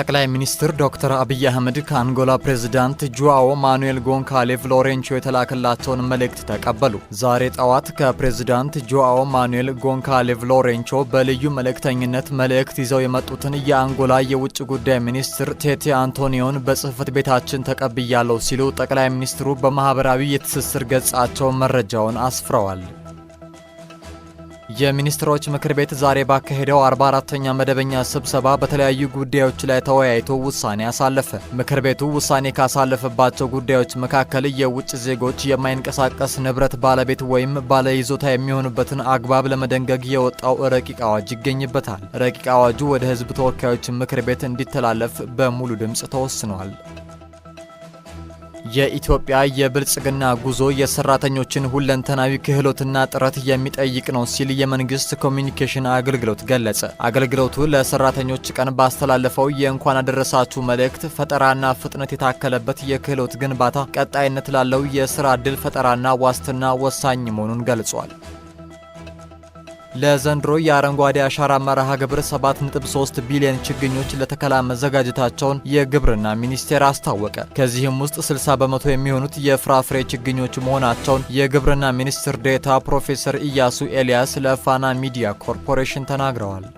ጠቅላይ ሚኒስትር ዶክተር አብይ አህመድ ከአንጎላ ፕሬዝዳንት ጁዋዎ ማኑኤል ጎንካሌቭ ሎሬንቾ የተላከላቸውን መልእክት ተቀበሉ። ዛሬ ጠዋት ከፕሬዝዳንት ጁዋዎ ማኑኤል ጎንካሌቭ ሎሬንቾ በልዩ መልእክተኝነት መልእክት ይዘው የመጡትን የአንጎላ የውጭ ጉዳይ ሚኒስትር ቴቴ አንቶኒዮን በጽህፈት ቤታችን ተቀብያለሁ ሲሉ ጠቅላይ ሚኒስትሩ በማህበራዊ የትስስር ገጻቸው መረጃውን አስፍረዋል። የሚኒስትሮች ምክር ቤት ዛሬ ባካሄደው 44ተኛ መደበኛ ስብሰባ በተለያዩ ጉዳዮች ላይ ተወያይቶ ውሳኔ አሳለፈ። ምክር ቤቱ ውሳኔ ካሳለፈባቸው ጉዳዮች መካከል የውጭ ዜጎች የማይንቀሳቀስ ንብረት ባለቤት ወይም ባለይዞታ የሚሆኑበትን አግባብ ለመደንገግ የወጣው ረቂቅ አዋጅ ይገኝበታል። ረቂቅ አዋጁ ወደ ሕዝብ ተወካዮች ምክር ቤት እንዲተላለፍ በሙሉ ድምፅ ተወስኗል። የኢትዮጵያ የብልጽግና ጉዞ የሰራተኞችን ሁለንተናዊ ክህሎትና ጥረት የሚጠይቅ ነው ሲል የመንግስት ኮሚኒኬሽን አገልግሎት ገለጸ። አገልግሎቱ ለሰራተኞች ቀን ባስተላለፈው የእንኳን አደረሳችሁ መልእክት ፈጠራና ፍጥነት የታከለበት የክህሎት ግንባታ ቀጣይነት ላለው የስራ ዕድል ፈጠራና ዋስትና ወሳኝ መሆኑን ገልጿል። ለዘንድሮ የአረንጓዴ አሻራ መርሃ ግብር 7.3 ቢሊዮን ችግኞች ለተከላ መዘጋጀታቸውን የግብርና ሚኒስቴር አስታወቀ። ከዚህም ውስጥ 60 በመቶ የሚሆኑት የፍራፍሬ ችግኞች መሆናቸውን የግብርና ሚኒስትር ዴታ ፕሮፌሰር ኢያሱ ኤልያስ ለፋና ሚዲያ ኮርፖሬሽን ተናግረዋል።